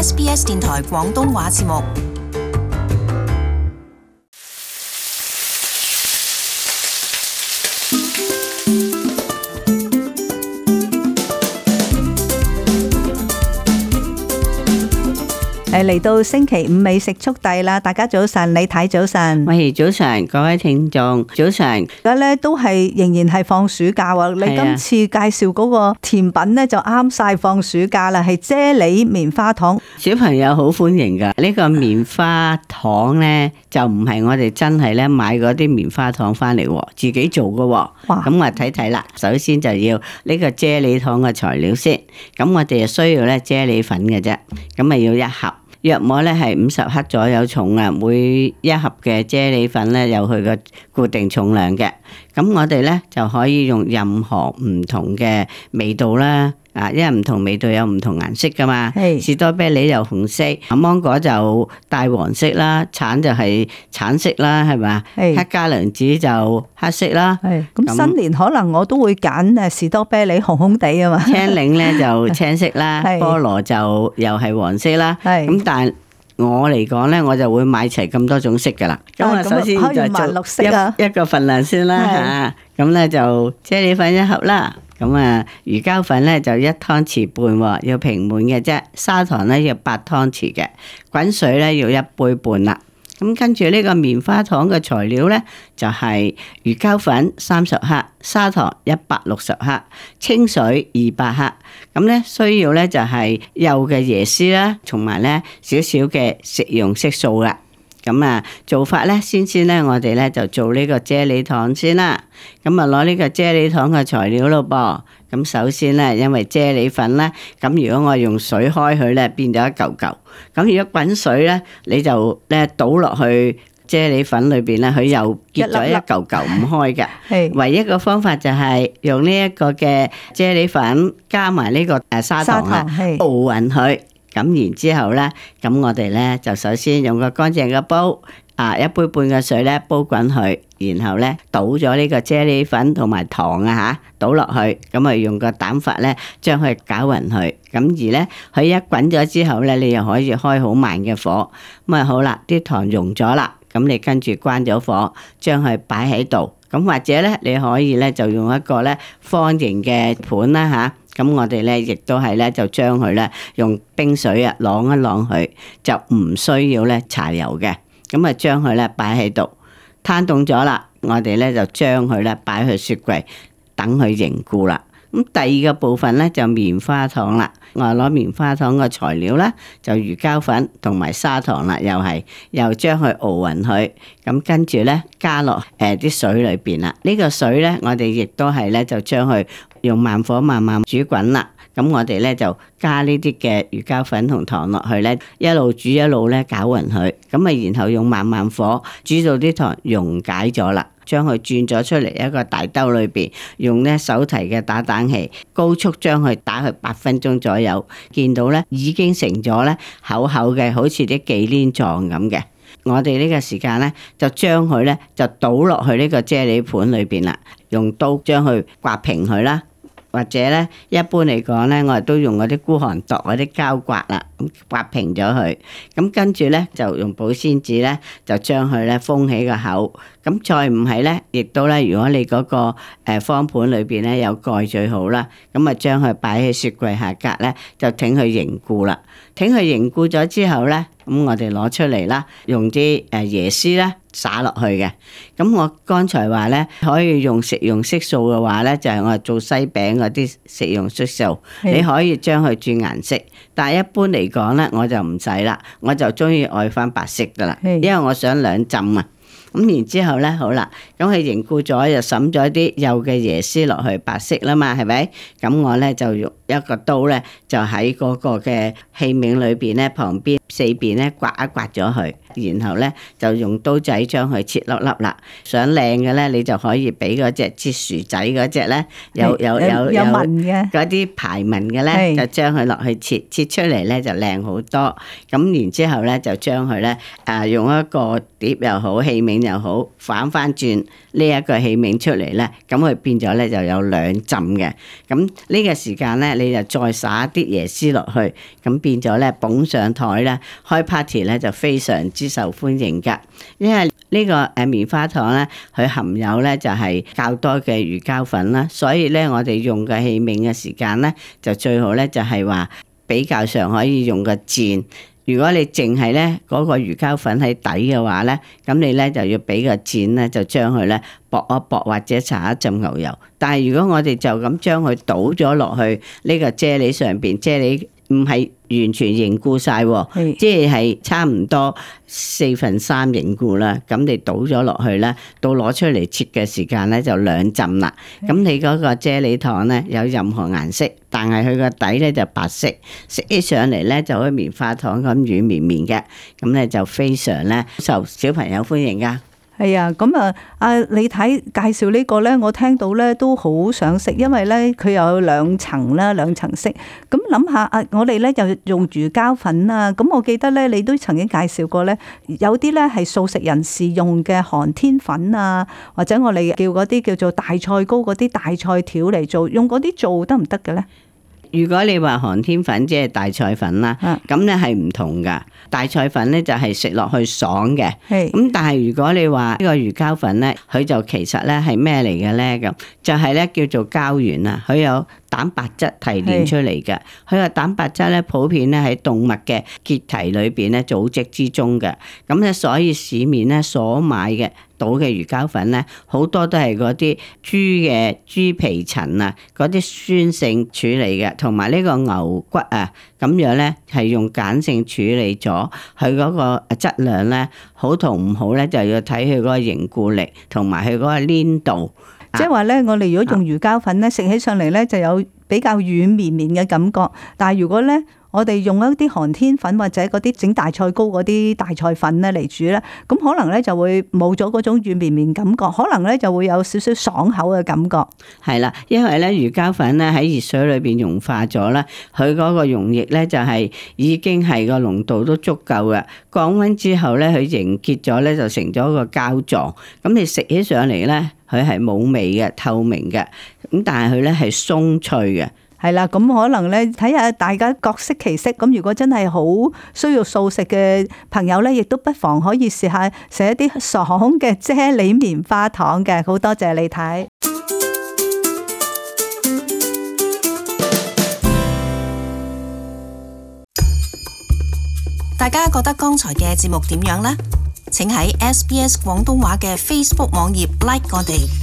SBS 電台廣東話節目。誒，嚟到星期五美食速遞啦！大家早晨，你睇早晨。喂，早晨各位聽眾，早晨。而家咧都係仍然係放暑假啊！你今次介紹嗰個甜品咧就啱晒放暑假啦，係啫喱棉花糖。小朋友好歡迎噶，呢個棉花糖呢，就唔係我哋真係呢買嗰啲棉花糖翻嚟喎，自己做噶喎。咁我睇睇啦，首先就要呢個啫喱糖嘅材料先。咁我哋就需要呢啫喱粉嘅啫，咁啊要一盒，約摸呢係五十克左右重啊。每一盒嘅啫喱粉呢，有佢個固定重量嘅。咁我哋呢，就可以用任何唔同嘅味道啦。啊，因為唔同味道有唔同顏色噶嘛，是士多啤梨又紅色，芒果就帶黃色啦，橙就係橙色啦，係咪？是黑加侖子就黑色啦，咁新年可能我都會揀誒士多啤梨紅紅地啊嘛，青檸咧就青色啦， 是菠蘿就又係黃色啦，咁是但。我嚟講咧，我就會買齊咁多種色噶啦。咁啊，首先就做綠色一個份量先啦吓。咁咧的就啫喱粉一盒啦。咁啊，魚膠粉咧就一湯匙半，要平滿嘅啫。砂糖咧要八湯匙嘅。滾水咧要一杯半啦。咁跟住呢個棉花糖嘅材料呢，就係魚膠粉三十克、砂糖一百六十克、清水二百克。咁呢需要呢，就係幼嘅椰絲啦，同埋呢少少嘅食用色素啦。咁啊做法呢，先先呢，我哋呢就做呢個啫喱糖先啦。咁啊，攞呢個啫喱糖嘅材料咯噃。咁首先咧，因為啫喱粉咧，咁如果我用水開佢咧，變咗一嚿嚿。咁如果滾水咧，你就咧倒落去啫喱粉裏邊咧，佢又結咗一嚿嚿唔開嘅。係。唯一一個方法就係用呢一個嘅啫喱粉加埋呢、這個誒、啊、砂糖啦，糖熬勻佢。咁然之後咧，咁我哋咧就首先用個乾淨嘅煲。啊！一杯半嘅水咧，煲滾佢，然後咧倒咗呢個啫喱粉同埋糖啊吓，倒落去，咁、嗯、啊用個蛋法咧將佢攪匀佢。咁、嗯、而咧，佢一滾咗之後咧，你又可以開好慢嘅火。咁、嗯、啊好啦，啲糖溶咗啦，咁、嗯、你跟住關咗火，將佢擺喺度。咁、嗯、或者咧，你可以咧就用一個咧方形嘅盤啦吓。咁、啊嗯、我哋咧亦都係咧就將佢咧用冰水啊晾一晾佢，就唔需要咧搽油嘅。咁啊，將佢咧擺喺度攤凍咗啦。我哋咧就將佢咧擺去雪櫃等佢凝固啦。咁第二個部分咧就棉花糖啦。我攞棉花糖個材料咧，就魚膠粉同埋砂糖啦，又係又將佢熬勻佢。咁跟住咧加落誒啲水裏邊啦。呢、這個水咧，我哋亦都係咧就將佢用慢火慢慢煮滾啦。咁我哋咧就加呢啲嘅魚膠粉同糖落去咧，一路煮一路咧攪勻佢，咁啊然後用慢慢火煮到啲糖溶解咗啦，將佢轉咗出嚟一個大兜裏邊，用咧手提嘅打蛋器高速將佢打去八分鐘左右，見到咧已經成咗咧厚厚嘅，好似啲忌廉狀咁嘅。我哋呢個時間咧就將佢咧就倒落去呢個啫喱盤裏邊啦，用刀將佢刮平佢啦。或者咧，一般嚟講咧，我哋都用嗰啲孤寒度、嗰啲膠刮啦，咁刮平咗佢，咁跟住咧就用保鮮紙咧，就將佢咧封起個口，咁再唔係咧，亦都咧，如果你嗰個方盤裏邊咧有蓋最好啦，咁啊將佢擺喺雪櫃下格咧，就挺佢凝固啦，挺佢凝固咗之後咧，咁我哋攞出嚟啦，用啲誒椰絲咧。灑落去嘅，咁我剛才話呢，可以用食用色素嘅話呢，就係、是、我做西餅嗰啲食用色素，的你可以將佢轉顏色。但係一般嚟講呢，我就唔使啦，我就中意愛翻白色噶啦，的因為我想兩浸啊。咁然之後呢，好啦，咁佢凝固咗又沈咗啲幼嘅椰絲落去白色啦嘛，係咪？咁我呢，就用一個刀呢，就喺嗰個嘅器皿裏邊呢，旁邊。四邊咧刮一刮咗佢，然後咧就用刀仔將佢切粒粒啦。想靚嘅咧，你就可以俾嗰隻切薯仔嗰隻咧，你有有有有啲排紋嘅咧，就將佢落去切切出嚟咧，就靚好多。咁然之後咧，就將佢咧，誒用一個碟又好，器皿又好，反翻轉呢一個器皿出嚟咧，咁佢變咗咧就有兩浸嘅。咁呢個時間咧，你就再灑啲椰絲落去，咁變咗咧，捧上枱咧。開 party 咧就非常之受歡迎噶，因為呢個誒棉花糖咧，佢含有咧就係較多嘅魚膠粉啦，所以咧我哋用嘅器皿嘅時間咧，就最好咧就係話比較上可以用個箭。如果你淨係咧嗰個魚膠粉喺底嘅話咧，咁你咧就要俾個箭咧就將佢咧薄一薄或者搽一浸牛油。但係如果我哋就咁將佢倒咗落去呢個啫喱上邊，啫喱，唔係完全凝固曬，是即係差唔多四分三凝固啦。咁你倒咗落去啦，到攞出嚟切嘅時間呢就兩浸啦。咁是你嗰個啫喱糖呢，有任何顏色，但係佢個底呢就白色，食起上嚟呢就好似棉花糖咁軟綿綿嘅，咁呢就非常呢受小朋友歡迎㗎。係啊，咁啊、哎，阿、嗯、你睇介紹呢、呢個咧，我聽到咧都好想食，因為咧佢有兩層啦，兩層色。咁諗下啊，我哋咧就用魚膠粉啊。咁我記得咧，你都曾經介紹過咧，有啲咧係素食人士用嘅寒天粉啊，或者我哋叫嗰啲叫做大菜糕嗰啲大菜條嚟做，用嗰啲做得唔得嘅咧？如果你話寒天粉即係、就是、大菜粉啦，咁咧係唔同噶。大菜粉咧就係食落去爽嘅，咁但係如果你話呢個魚膠粉咧，佢就其實咧係咩嚟嘅咧？咁就係、是、咧叫做膠原啊，佢有。蛋白質提煉出嚟嘅，佢個的蛋白質咧普遍咧喺動物嘅結締裏邊咧組織之中嘅，咁咧所以市面咧所買嘅到嘅魚膠粉咧，好多都係嗰啲豬嘅豬皮層啊，嗰啲酸性處理嘅，同埋呢個牛骨啊，咁樣咧係用鹼性處理咗，佢嗰個質量咧好同唔好咧就要睇佢嗰個凝固力同埋佢嗰個黏度。即係話咧，我哋如果用魚膠粉咧，食起上嚟咧，就有比較軟綿綿嘅感覺。但係如果咧。我哋用一啲寒天粉或者嗰啲整大菜糕嗰啲大菜粉咧嚟煮咧，咁可能咧就會冇咗嗰種軟綿綿感覺，可能咧就會有少少爽口嘅感覺，係啦，因為咧魚膠粉咧喺熱水裏邊融化咗啦，佢嗰個溶液咧就係已經係個濃度都足夠嘅。降溫之後咧，佢凝結咗咧就成咗個膠狀，咁你食起上嚟咧，佢係冇味嘅，透明嘅，咁但係佢咧係鬆脆嘅。係啦，咁可能咧，睇下大家各適其適。咁如果真係好需要素食嘅朋友咧，亦都不妨可以試下食一啲爽嘅啫喱棉花糖嘅。好多謝你睇！大家覺得剛才嘅節目點樣呢？請喺 SBS 廣東話嘅 Facebook 網頁 like 我哋。